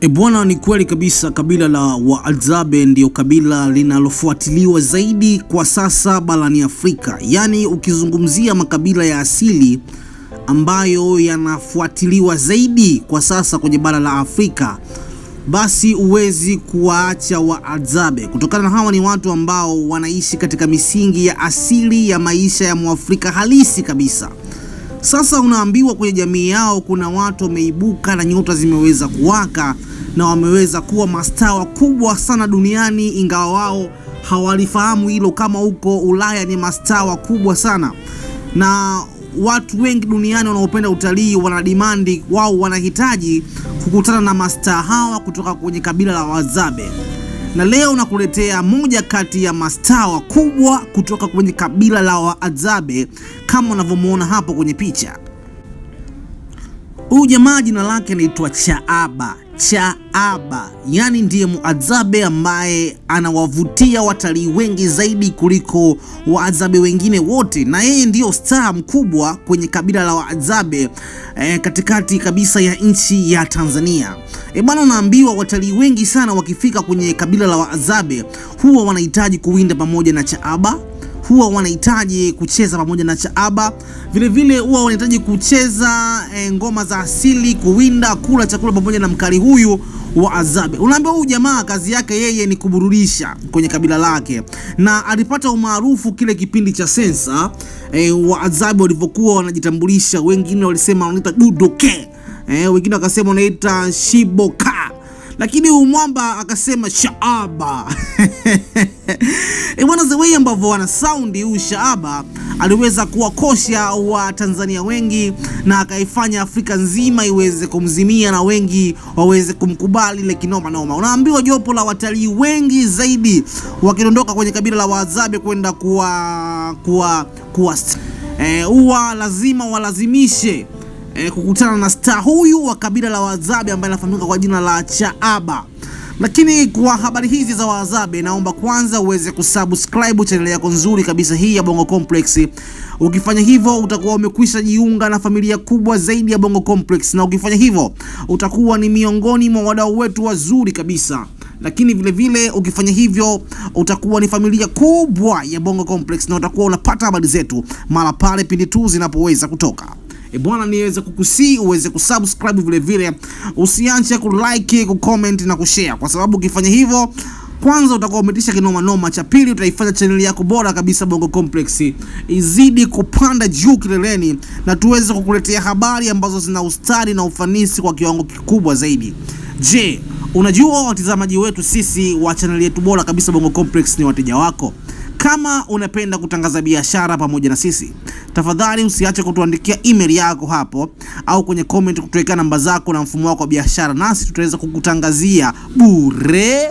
E bwana, ni kweli kabisa, kabila la Waadzabe ndiyo kabila linalofuatiliwa zaidi kwa sasa barani Afrika. Yaani ukizungumzia makabila ya asili ambayo yanafuatiliwa zaidi kwa sasa kwenye bara la Afrika, basi huwezi kuwaacha Waadzabe kutokana na hawa ni watu ambao wanaishi katika misingi ya asili ya maisha ya Mwafrika halisi kabisa. Sasa unaambiwa kwenye jamii yao kuna watu wameibuka na nyota zimeweza kuwaka na wameweza kuwa mastaa wakubwa sana duniani, ingawa wao hawalifahamu hilo, kama huko Ulaya ni mastaa wakubwa sana na watu wengi duniani wanaopenda utalii wanadimandi wao wanahitaji kukutana na mastaa hawa kutoka kwenye kabila la Wazabe na leo nakuletea moja kati ya mastaa wakubwa kutoka kwenye kabila la waadzabe kama unavyomwona hapo kwenye picha. Huyu jamaa jina lake anaitwa Chaaba. Chaaba yani ndiye muadzabe ambaye anawavutia watalii wengi zaidi kuliko waadzabe wengine wote, na yeye ndiyo star mkubwa kwenye kabila la waadzabe eh, katikati kabisa ya nchi ya Tanzania. E bwana, unaambiwa watalii wengi sana wakifika kwenye kabila la waadzabe huwa wanahitaji kuwinda pamoja na Chaaba huwa wanahitaji kucheza pamoja na Chaaba, vilevile huwa wanahitaji kucheza e, ngoma za asili, kuwinda, kula chakula pamoja na mkali huyu wa Azabe. Unaambia huyu jamaa kazi yake yeye ni kuburudisha kwenye kabila lake, na alipata umaarufu kile kipindi cha sensa e, wa Azabe walivyokuwa wanajitambulisha. Wengine walisema wanaita Dudoke e, wengine wakasema wanaita Shiboka, lakini mwamba akasema Shaaba E bwana, the way ambavyo wana sound huu Shaaba aliweza kuwakosha wa Tanzania wengi na akaifanya Afrika nzima iweze kumzimia na wengi waweze kumkubali ile kinoma noma. Unaambiwa jopo la watalii wengi zaidi wakidondoka kwenye kabila la Wahadzabe kwenda kuwa kuwa kuwa eh, huwa e, lazima walazimishe e, kukutana na star huyu wa kabila la Wahadzabe ambaye anafahamika kwa jina la Shaaba. Lakini kwa habari hizi za Wahadzabe, naomba kwanza uweze kusubscribe channel yako nzuri kabisa hii ya Bongo Complex. Ukifanya hivyo utakuwa umekwisha jiunga na familia kubwa zaidi ya Bongo Complex, na ukifanya hivyo utakuwa ni miongoni mwa wadau wetu wazuri kabisa lakini vile vile ukifanya hivyo utakuwa ni familia kubwa ya Bongo Complex na utakuwa unapata habari zetu mara pale pindi tu zinapoweza kutoka e bwana, niweze kukusii uweze kusubscribe vile vile, usianche kulike, kucomment na kushare, kwa sababu ukifanya hivyo kwanza utakuwa umetisha kinoma noma, cha pili utaifanya chaneli yako bora kabisa Bongo Complex izidi kupanda juu kileleni, na tuweze kukuletea habari ambazo zina ustadi na ufanisi kwa kiwango kikubwa zaidi. Je, unajua watazamaji wetu sisi wa chaneli yetu bora kabisa Bongo Complex ni wateja wako? Kama unapenda kutangaza biashara pamoja na sisi, tafadhali usiache kutuandikia email yako hapo au kwenye comment kutuwekea namba zako na mfumo wako wa biashara, nasi tutaweza kukutangazia bure.